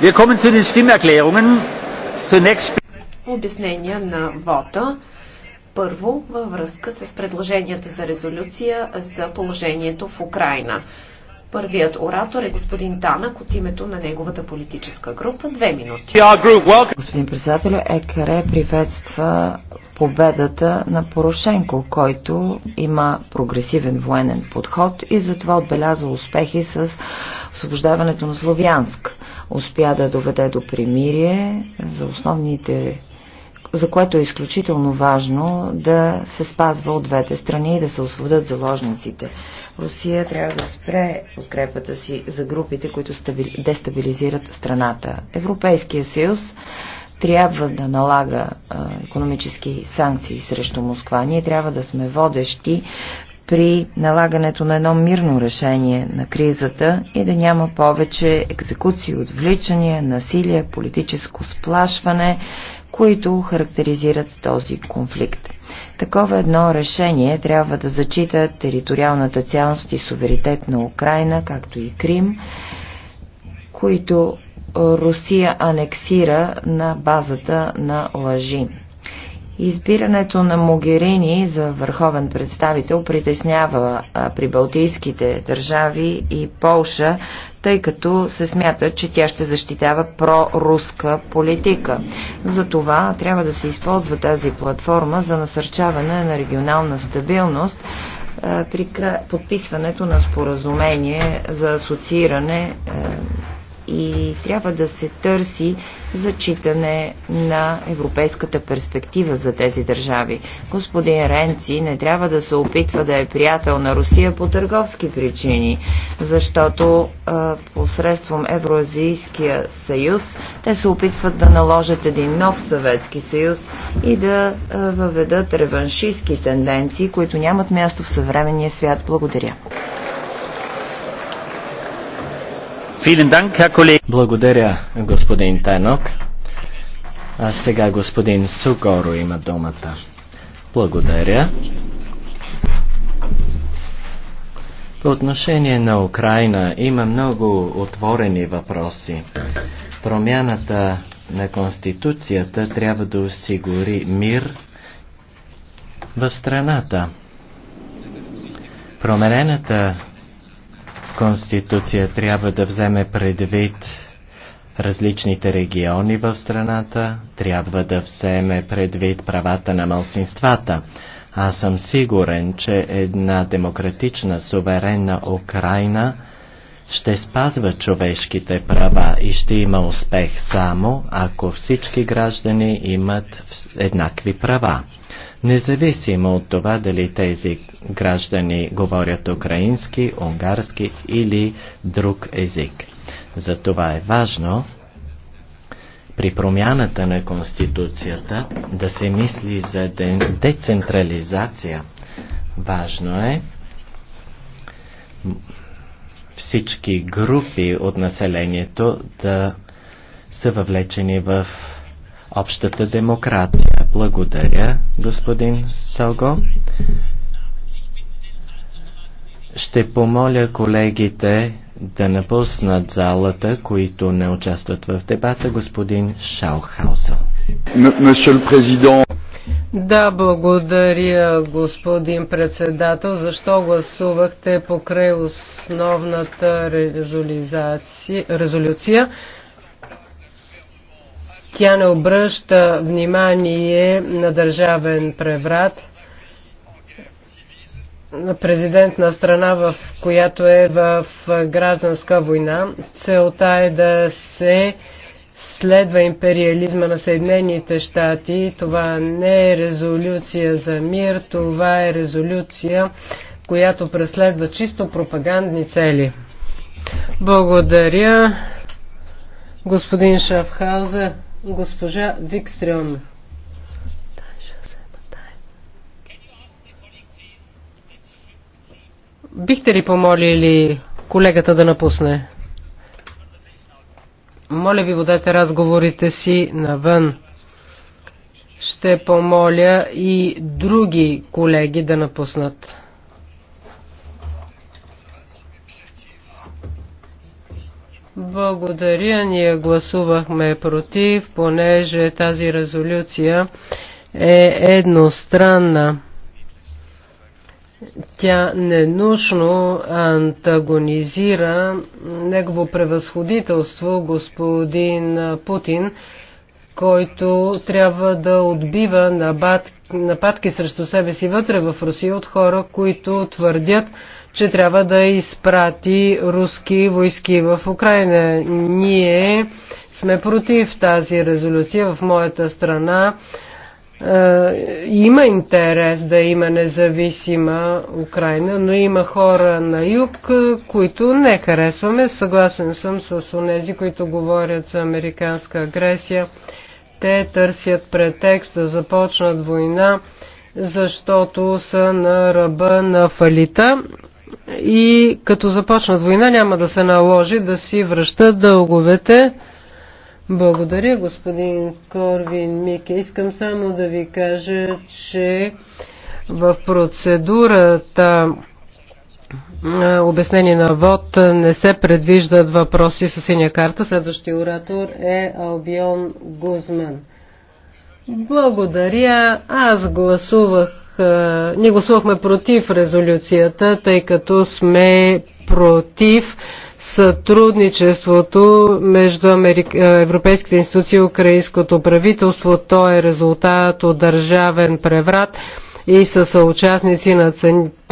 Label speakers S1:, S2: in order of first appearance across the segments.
S1: Wir kommen zu den Stimmerklärungen. Zunächst
S2: обяснения на вота. Първо, във връзка с предложенията за резолюция за положението в Украина. Първият оратор е господин Танък от името на неговата политическа група. Две минути. Господин председател, ЕКР приветства победата на Порошенко, който има прогресивен военен подход и затова отбеляза успехи с освобождаването на Славянск успя да доведе до примирие за основните за което е изключително важно да се спазва от двете страни и да се освободят заложниците. Русия трябва да спре подкрепата си за групите, които дестабилизират страната. Европейския съюз трябва да налага а, економически санкции срещу Москва. Ние трябва да сме водещи при налагането на едно мирно решение на кризата и да няма повече екзекуции, отвличания, насилие, политическо сплашване, които характеризират този конфликт. Такова едно решение трябва да зачита териториалната цялност и суверитет на Украина, както и Крим, които Русия анексира на базата на лъжи. Избирането на Могерини за върховен представител притеснява при балтийските държави и Полша, тъй като се смята, че тя ще защитава проруска политика. За това трябва да се използва тази платформа за насърчаване на регионална стабилност при подписването на споразумение за асоцииране и трябва да се търси зачитане на европейската перспектива за тези държави. Господин Ренци не трябва да се опитва да е приятел на Русия по търговски причини, защото а, посредством Евроазийския съюз те се опитват да наложат един нов Съветски съюз и да а, въведат реваншистски тенденции, които нямат място в съвременния свят. Благодаря.
S1: Благодаря, господин Тайнок. А сега господин Сукоро има думата. Благодаря. По отношение на Украина има много отворени въпроси. Промяната на Конституцията трябва да осигури мир в страната. Променената Конституция трябва да вземе предвид различните региони в страната, трябва да вземе предвид правата на малцинствата. Аз съм сигурен, че една демократична, суверенна Украина ще спазва човешките права и ще има успех само, ако всички граждани имат еднакви права независимо от това дали тези граждани говорят украински, унгарски или друг език. Затова е важно при промяната на Конституцията да се мисли за децентрализация. Важно е всички групи от населението да са въвлечени в общата демокрация. Благодаря, господин Салго. Ще помоля колегите да напуснат залата, които не участват в дебата, господин Шаухаусел.
S3: Да, благодаря, господин председател. Защо гласувахте покрай основната резолюция? Тя не обръща внимание на държавен преврат, президент на страна, в която е в гражданска война. Целта е да се следва империализма на Съединените щати. Това не е резолюция за мир, това е резолюция, която преследва чисто пропагандни цели. Благодаря, господин Шафхаузе. Госпожа Викстрион. Бихте ли помолили колегата да напусне? Моля ви, водете разговорите си навън. Ще помоля и други колеги да напуснат. Благодаря. Ние гласувахме против, понеже тази резолюция е едностранна. Тя ненужно антагонизира негово превъзходителство господин Путин, който трябва да отбива нападки срещу себе си вътре в Русия от хора, които твърдят, че трябва да изпрати руски войски в Украина. Ние сме против тази резолюция в моята страна. Е, има интерес да има независима Украина, но има хора на юг, които не харесваме. Съгласен съм с онези, които говорят за американска агресия. Те търсят претекст да започнат война, защото са на ръба на фалита и като започнат война няма да се наложи да си връщат дълговете. Благодаря, господин Корвин Мике. Искам само да ви кажа, че в процедурата обяснение на ВОД не се предвиждат въпроси с синя карта. Следващия оратор е Албион Гузман. Благодаря. Аз гласувах е, ние гласувахме против резолюцията, тъй като сме против сътрудничеството между Америк... Е, европейските институции и украинското правителство. То е резултат от държавен преврат и са съучастници на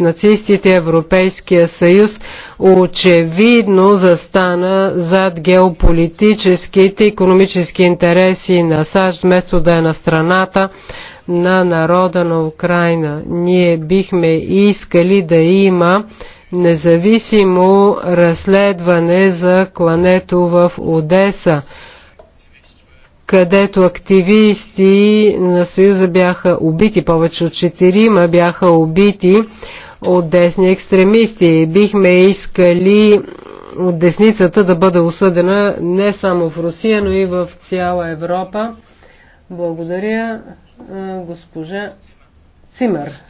S3: нацистите Европейския съюз очевидно застана зад геополитическите и економически интереси на САЩ, вместо да е на страната на народа на Украина. Ние бихме искали да има независимо разследване за клането в Одеса, където активисти на Съюза бяха убити, повече от четирима бяха убити от десни екстремисти. Бихме искали десницата да бъде осъдена не само в Русия, но и в цяла Европа. Благодаря госпожа Цимър.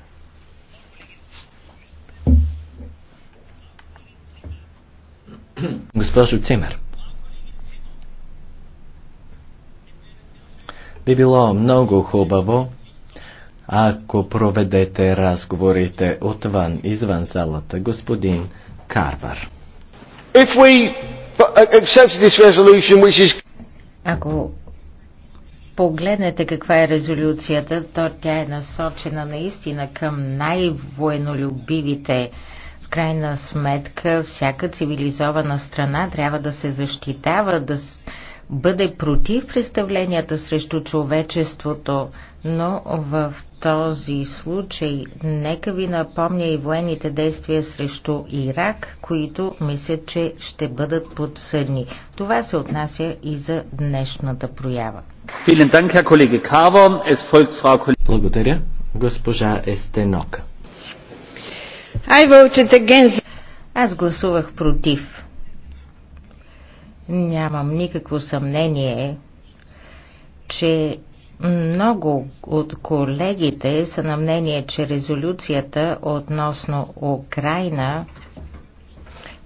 S1: Госпожо Цимер, би било много хубаво, ако проведете разговорите отвън, извън залата, господин Карвар.
S4: Ако погледнете каква е резолюцията, то тя е насочена наистина към най-военолюбивите. В крайна сметка, всяка цивилизована страна трябва да се защитава, да бъде против представленията срещу човечеството, но в този случай нека ви напомня и военните действия срещу Ирак, които мислят, че ще бъдат подсъдни. Това се отнася и за днешната проява.
S1: Благодаря. Госпожа Естенока.
S4: Аз гласувах против Нямам никакво съмнение, че много от колегите са на мнение, че резолюцията относно Украина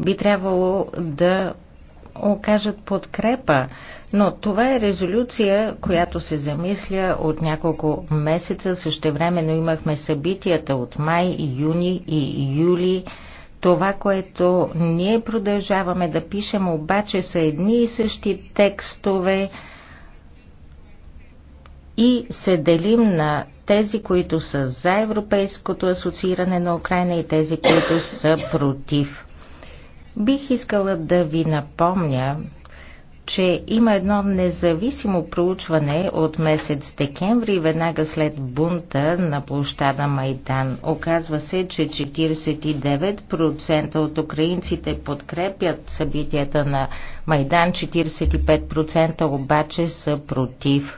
S4: би трябвало да окажат подкрепа, но това е резолюция, която се замисля от няколко месеца. Същевременно имахме събитията от май, юни и юли това, което ние продължаваме да пишем, обаче са едни и същи текстове и се делим на тези, които са за европейското асоцииране на Украина и тези, които са против. Бих искала да ви напомня, че има едно независимо проучване от месец декември, веднага след бунта на площада Майдан. Оказва се, че 49% от украинците подкрепят събитията на Майдан, 45% обаче са против.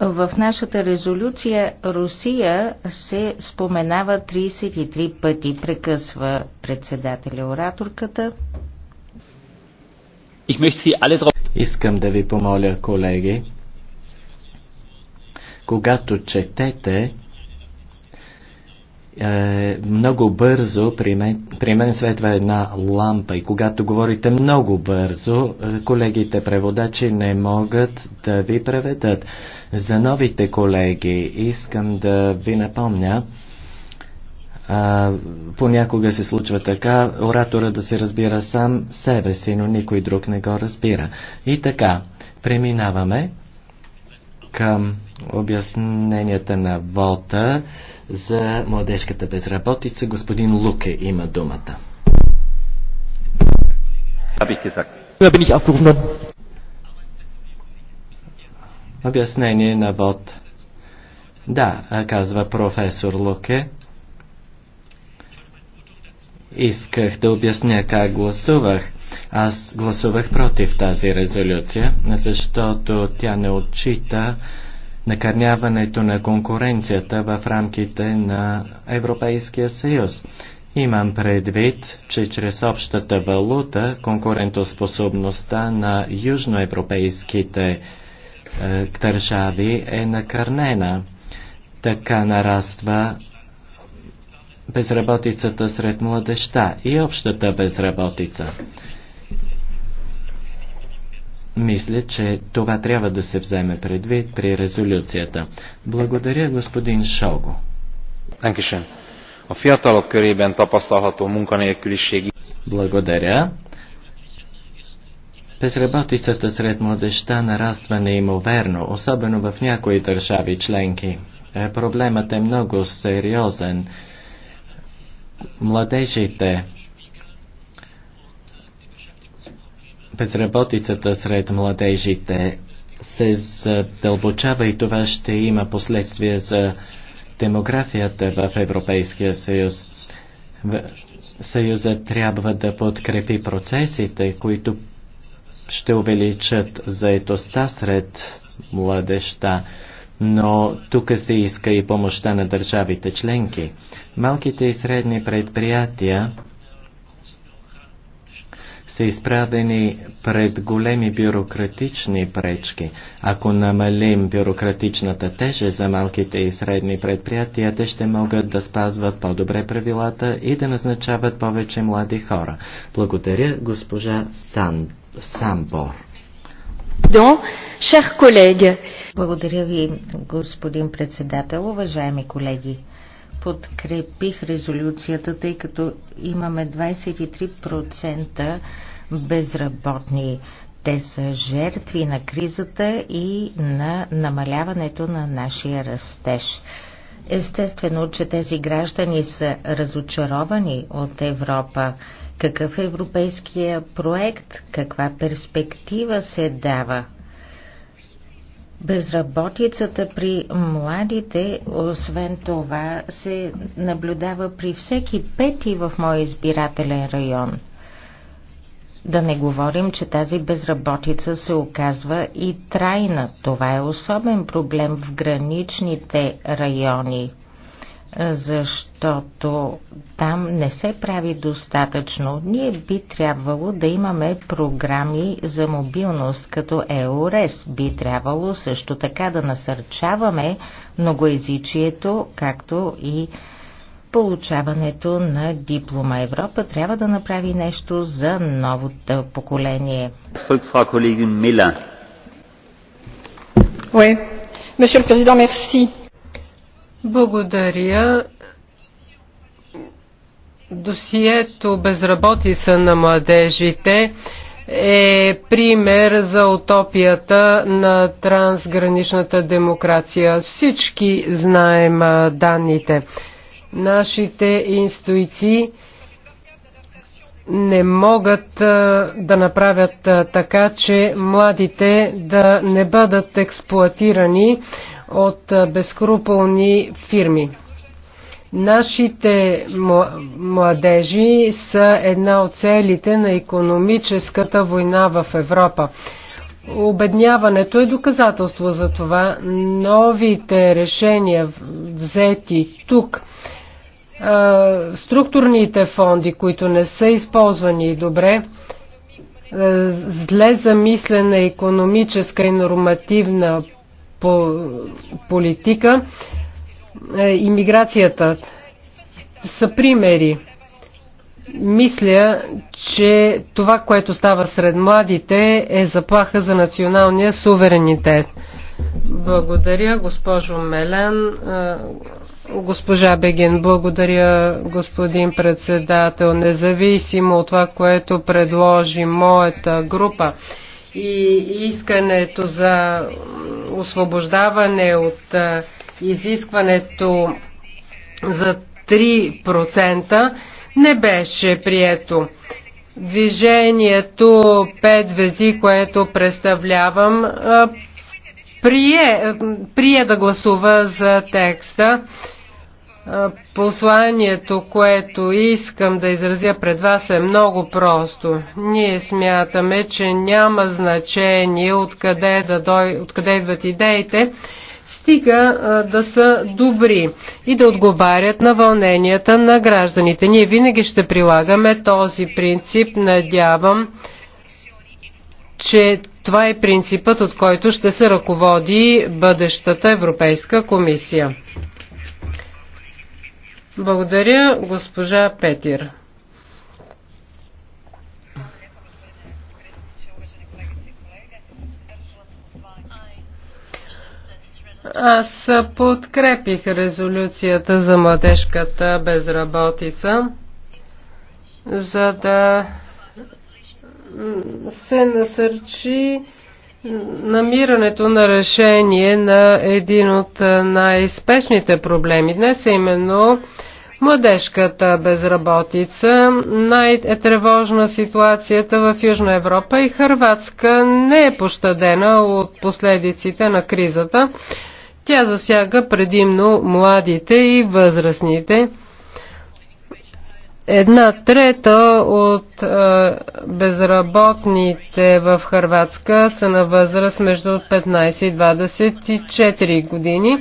S4: В нашата резолюция Русия се споменава 33 пъти, прекъсва председателя ораторката.
S1: Искам да ви помоля, колеги, когато четете, е, много бързо, при мен, при мен светва една лампа и когато говорите много бързо, е, колегите преводачи не могат да ви преведат. За новите колеги искам да ви напомня, а, понякога се случва така, оратора да се разбира сам себе си, но никой друг не го разбира. И така, преминаваме към обясненията на ВОТА за младежката безработица. Господин Луке има думата. Обяснение на ВОТ. Да, казва професор Луке исках да обясня как гласувах. Аз гласувах против тази резолюция, защото тя не отчита накърняването на конкуренцията в рамките на Европейския съюз. Имам предвид, че чрез общата валута конкурентоспособността на южноевропейските е, държави е накърнена. Така нараства безработицата сред младеща и общата безработица. Мисля, че това трябва да се вземе предвид при резолюцията. Благодаря, господин Шого. Благодаря. Безработицата сред младеща нараства неимоверно, особено в някои държави членки. Е, проблемът е много сериозен младежите, безработицата сред младежите се задълбочава и това ще има последствия за демографията в Европейския съюз. Съюза трябва да подкрепи процесите, които ще увеличат заетостта сред младеща но тук се иска и помощта на държавите членки. Малките и средни предприятия са изправени пред големи бюрократични пречки. Ако намалим бюрократичната теже за малките и средни предприятия, те ще могат да спазват по-добре правилата и да назначават повече млади хора. Благодаря, госпожа Сан... Самбор.
S4: Благодаря ви, господин председател. Уважаеми колеги, подкрепих резолюцията, тъй като имаме 23% безработни. Те са жертви на кризата и на намаляването на нашия растеж. Естествено, че тези граждани са разочаровани от Европа. Какъв е европейския проект? Каква перспектива се дава? Безработицата при младите, освен това, се наблюдава при всеки пети в моя избирателен район. Да не говорим, че тази безработица се оказва и трайна. Това е особен проблем в граничните райони – защото там не се прави достатъчно. Ние би трябвало да имаме програми за мобилност, като ЕОРЕС. Би трябвало също така да насърчаваме многоезичието, както и получаването на диплома. Европа трябва да направи нещо за новото поколение.
S3: Oui. Monsieur le Président, merci. Благодаря. Досието безработица на младежите е пример за утопията на трансграничната демокрация. Всички знаем данните. Нашите институции не могат да направят така, че младите да не бъдат експлуатирани от безкруполни фирми. Нашите младежи са една от целите на економическата война в Европа. Обедняването е доказателство за това. Новите решения взети тук, структурните фонди, които не са използвани добре, зле замислена економическа и нормативна по, политика. Е, Имиграцията са примери. Мисля, че това, което става сред младите, е заплаха за националния суверенитет. Благодаря, госпожо Мелен. Е, госпожа Бегин, благодаря, господин председател. Независимо от това, което предложи моята група, и искането за освобождаване от изискването за 3% не беше прието. Движението 5 звезди, което представлявам, прие, прие да гласува за текста Посланието, което искам да изразя пред вас е много просто. Ние смятаме, че няма значение откъде, да дой... откъде идват идеите, стига да са добри и да отговарят на вълненията на гражданите. Ние винаги ще прилагаме този принцип. Надявам, че това е принципът, от който ще се ръководи бъдещата Европейска комисия. Благодаря, госпожа Петир. Аз подкрепих резолюцията за младежката безработица, за да се насърчи намирането на решение на един от най-спешните проблеми. Днес е именно Младежката безработица, най-тревожна е ситуацията в Южна Европа и Харватска не е пощадена от последиците на кризата. Тя засяга предимно младите и възрастните. Една трета от а, е, безработните в Харватска са на възраст между 15 и 24 години,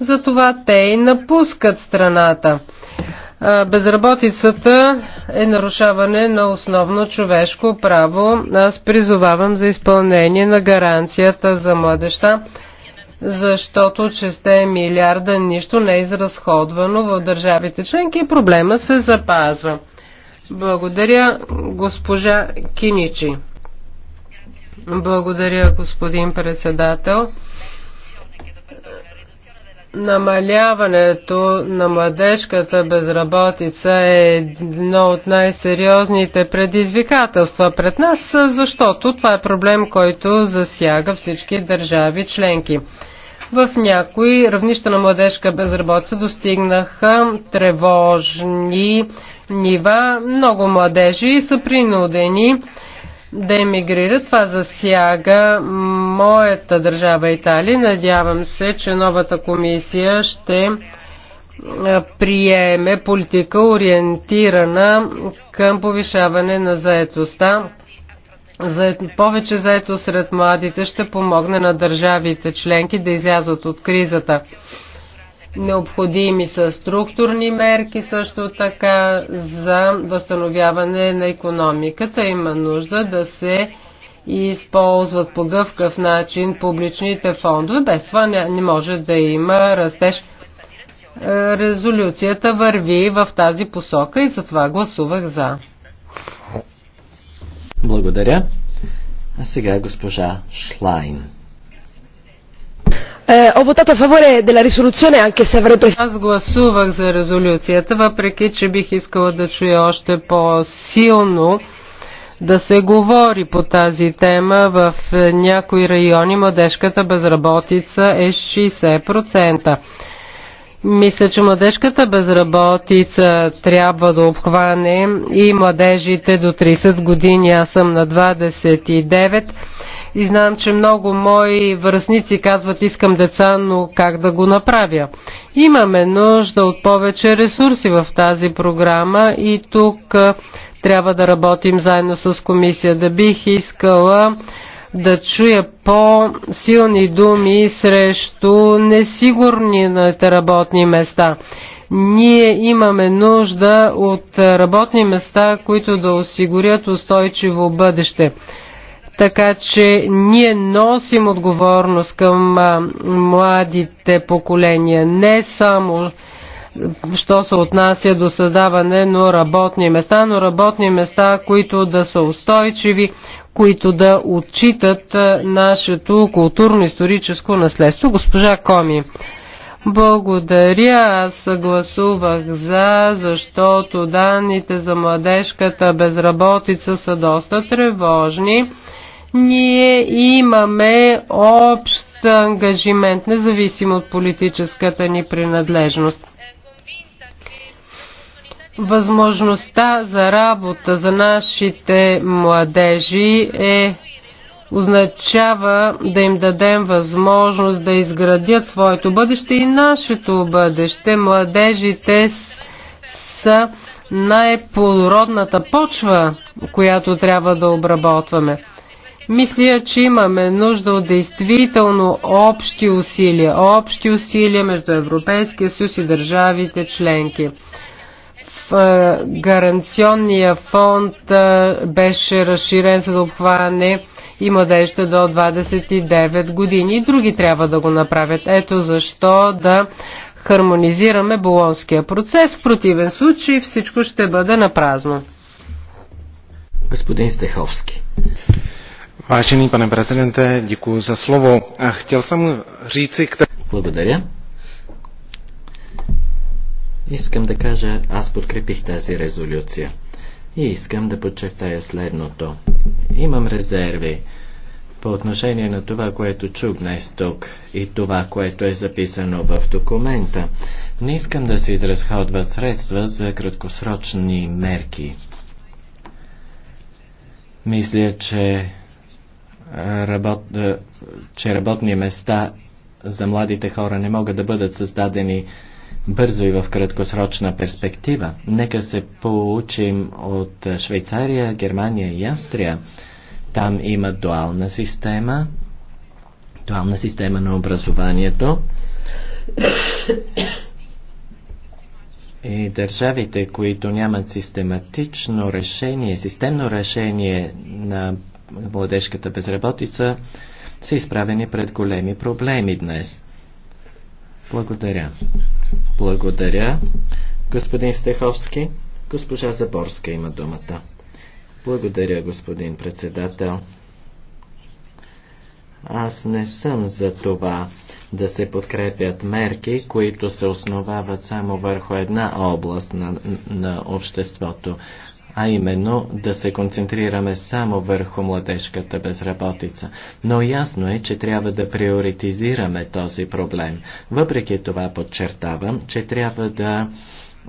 S3: затова те и напускат страната. Безработицата е нарушаване на основно човешко право. Аз призовавам за изпълнение на гаранцията за младеща, защото 6 милиарда нищо не е изразходвано в държавите членки и проблема се запазва. Благодаря, госпожа Киничи. Благодаря, господин председател. Намаляването на младежката безработица е едно от най-сериозните предизвикателства пред нас, защото това е проблем, който засяга всички държави членки. В някои равнища на младежка безработица достигнаха тревожни нива. Много младежи са принудени да емигрират. Това засяга моята държава Италия. Надявам се, че новата комисия ще приеме политика ориентирана към повишаване на заетостта. За повече заето сред младите ще помогне на държавите членки да излязат от кризата. Необходими са структурни мерки също така за възстановяване на економиката. Има нужда да се използват по гъвкав начин публичните фондове. Без това не, може да има растеж. Е, резолюцията върви в тази посока и затова гласувах за.
S1: Благодаря. А сега е госпожа Шлайн.
S3: Е,
S2: ho votato a favore della risoluzione anche se avrei preferito.
S3: Аз гласувах за резолюцията, въпреки че бих искала да чуя още по-силно да се говори по тази тема. В е, някои райони младежката безработица е 60%. Мисля, че младежката безработица трябва да обхване и младежите до 30 години. Аз съм на 29 и знам, че много мои връзници казват, искам деца, но как да го направя? Имаме нужда от повече ресурси в тази програма и тук трябва да работим заедно с комисия. Да бих искала да чуя по-силни думи срещу несигурните работни места. Ние имаме нужда от работни места, които да осигурят устойчиво бъдеще. Така че ние носим отговорност към младите поколения, не само що се отнася до създаване на работни места, но работни места, които да са устойчиви, които да отчитат нашето културно-историческо наследство. Госпожа Коми, благодаря, аз гласувах за, защото данните за младежката безработица са доста тревожни ние имаме общ ангажимент, независимо от политическата ни принадлежност. Възможността за работа за нашите младежи е означава да им дадем възможност да изградят своето бъдеще и нашето бъдеще. Младежите са най-плодородната почва, която трябва да обработваме. Мисля, че имаме нужда от действително общи усилия, общи усилия между Европейския съюз и държавите членки. В е, гаранционния фонд е, беше разширен за да обхване и младежите до 29 години и други трябва да го направят. Ето защо да хармонизираме болонския процес. В противен случай всичко ще бъде напразно.
S1: Господин Стеховски. Vážený pane prezidente, děkuji za slovo. chtěl jsem říci... Které... Благодаря. Искам да кажа, аз подкрепих тази резолюция. И искам да подчертая следното. Имам резерви по отношение на това, което чух днес тук и това, което е записано в документа. Не искам да се изразходват средства за краткосрочни мерки. Мисля, че работ... Е, че работни места за младите хора не могат да бъдат създадени бързо и в краткосрочна перспектива. Нека се получим от Швейцария, Германия и Австрия. Там има дуална система, дуална система на образованието. И държавите, които нямат систематично решение, системно решение на младежката безработица, са изправени пред големи проблеми днес. Благодаря. Благодаря, господин Стеховски. Госпожа Заборска има думата. Благодаря, господин председател. Аз не съм за това да се подкрепят мерки, които се основават само върху една област на, на обществото а именно да се концентрираме само върху младежката безработица. Но ясно е, че трябва да приоритизираме този проблем. Въпреки това подчертавам, че трябва да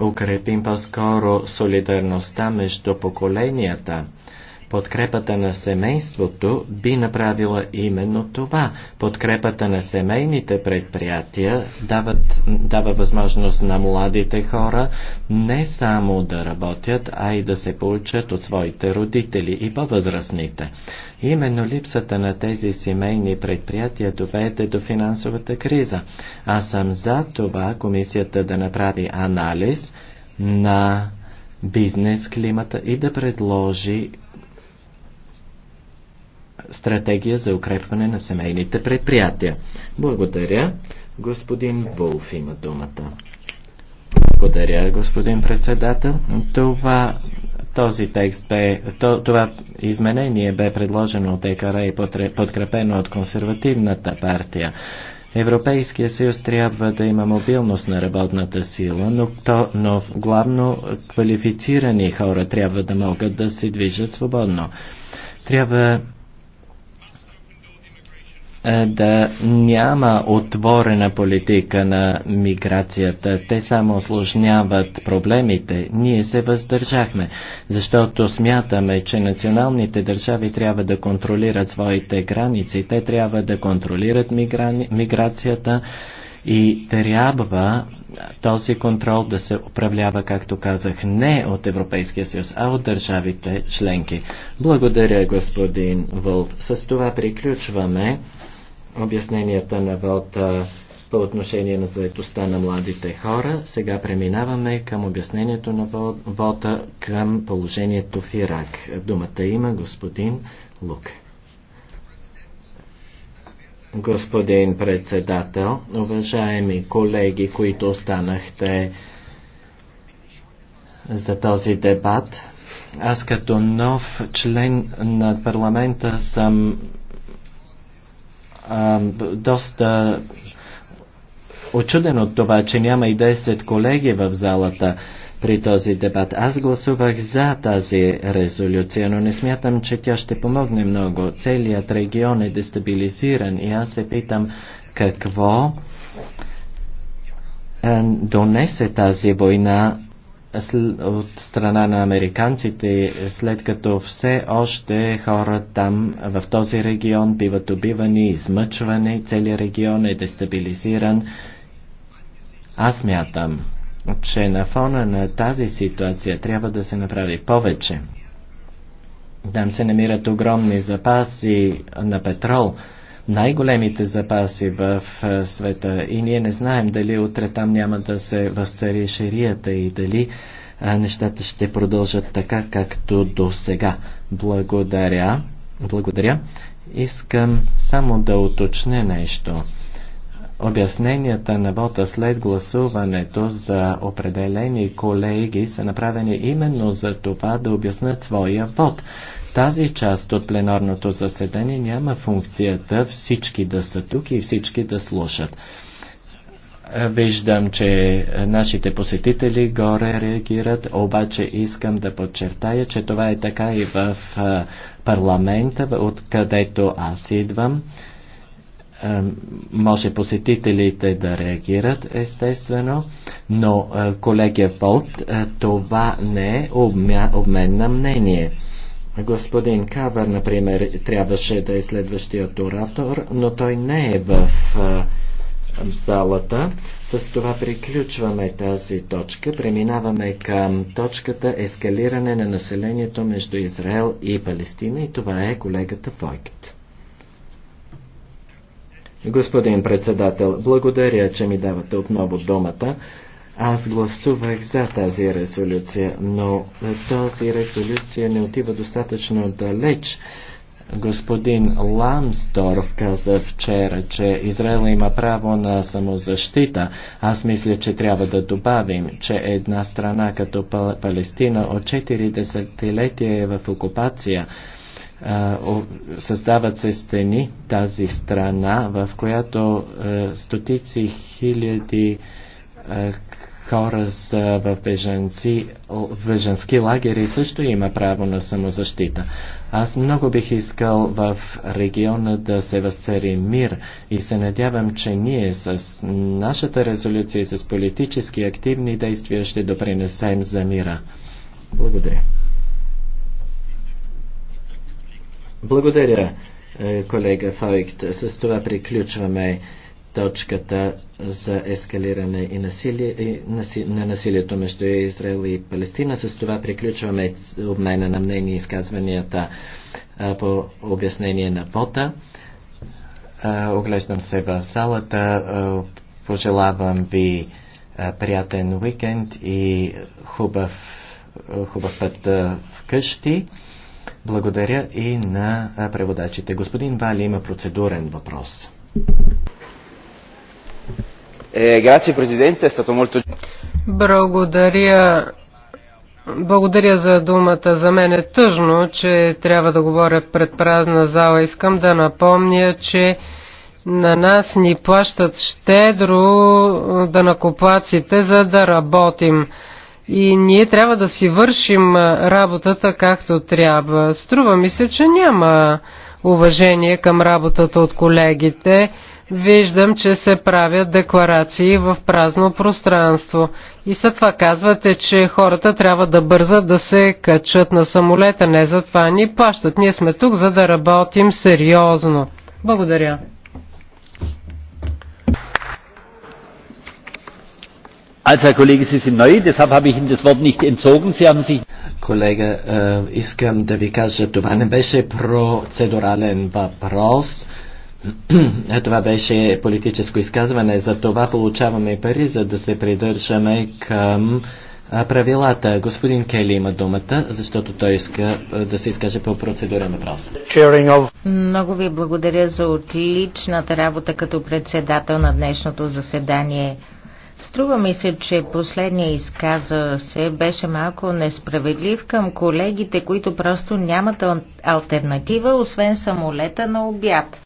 S1: укрепим по-скоро солидарността между поколенията. Подкрепата на семейството би направила именно това. Подкрепата на семейните предприятия дават, дава възможност на младите хора не само да работят, а и да се получат от своите родители и по-възрастните. Именно липсата на тези семейни предприятия доведе до финансовата криза. Аз съм за това комисията да направи анализ на бизнес климата и да предложи стратегия за укрепване на семейните предприятия. Благодаря. Господин Волф има думата. Благодаря, господин председател. Това, този текст бе, това изменение бе предложено от ЕКР и подкрепено от консервативната партия. Европейския съюз трябва да има мобилност на работната сила, но, то, но главно квалифицирани хора трябва да могат да се движат свободно. Трябва е, да няма отворена политика на миграцията. Те само осложняват проблемите. Ние се въздържахме, защото смятаме, че националните държави трябва да контролират своите граници. Те трябва да контролират мигра... миграцията и трябва този контрол да се управлява, както казах, не от Европейския съюз, а от държавите членки. Благодаря, господин Вълф. С това приключваме обясненията на Волта по отношение на заедостта на младите хора. Сега преминаваме към обяснението на Волта към положението в Ирак. Думата има господин Лук. Господин председател, уважаеми колеги, които останахте за този дебат, аз като нов член на парламента съм доста очуден от това, че няма и 10 колеги в залата при този дебат. Аз гласувах за тази резолюция, но не смятам, че тя ще помогне много. Целият регион е дестабилизиран и аз се питам какво е, донесе тази война от страна на американците, след като все още хора там в този регион биват убивани, измъчвани, целият регион е дестабилизиран. Аз мятам, че на фона на тази ситуация трябва да се направи повече. Там се намират огромни запаси на петрол най-големите запаси в света и ние не знаем дали утре там няма да се възцари ширията и дали нещата ще продължат така, както до сега. Благодаря. Благодаря. Искам само да уточня нещо. Обясненията на вота след гласуването за определени колеги са направени именно за това да обяснат своя вод. Тази част от пленарното заседание няма функцията всички да са тук и всички да слушат. Е, виждам, че нашите посетители горе реагират, обаче искам да подчертая, че това е така и в е, парламента, откъдето аз идвам. Е, може посетителите да реагират, естествено, но, колегия Волт, това не е обмен на мнение. Господин Кавър, например, трябваше да е следващият оратор, но той не е в залата. С това приключваме тази точка. Преминаваме към точката ескалиране на населението между Израел и Палестина и това е колегата Войкет. Господин председател, благодаря, че ми давате отново думата. Аз гласувах за тази резолюция, но тази резолюция не отива достатъчно далеч. Господин Ламсдорф каза вчера, че Израел има право на самозащита. Аз мисля, че трябва да добавим, че една страна като Палестина от 4 десетилетия е в окупация създават се стени тази страна, в която е, стотици хиляди е, хора са в беженци, беженски лагери също има право на самозащита. Аз много бих искал в региона да се възцари мир и се надявам, че ние с нашата резолюция и с политически активни действия ще допринесем за мира. Благодаря. Благодаря, е, колега Фойкт. С това приключваме точката за ескалиране и насилие, и наси, на насилието между Израел и Палестина. С това приключваме обмена на мнение и изказванията а, по обяснение на пота. А, оглеждам се в залата. А, пожелавам ви а, приятен уикенд и хубав, хубав път а, вкъщи. Благодаря и на преводачите. Господин Вали има процедурен въпрос. Eh, grazie Presidente, è stato molto...
S3: Благодаря, благодаря за думата. За мен е тъжно, че трябва да говоря пред празна зала. Искам да напомня, че на нас ни плащат щедро э, да накоплаците, за да работим. И ние трябва да си вършим э, работата както трябва. Струва ми се, че няма уважение към работата от колегите. Виждам, че се правят декларации в празно пространство. И след това казвате, че хората трябва да бързат да се качат на самолета. Не за това ни плащат. Ние сме тук, за да работим сериозно. Благодаря.
S1: Also, Herr Kollege, Sie sind neu, deshalb habe ich Ihnen das Wort nicht entzogen. Sie haben sich... Kollege, äh, ich Колега, искам да du warst това не беше процедурален въпрос. Е, това беше политическо изказване. За това получаваме пари, за да се придържаме към правилата. Господин Кели има думата, защото той иска да се изкаже по процедурен въпрос.
S4: Много ви благодаря за отличната работа като председател на днешното заседание. Струва ми се, че последния изказа се беше малко несправедлив към колегите, които просто нямат альтернатива, освен самолета на обяд.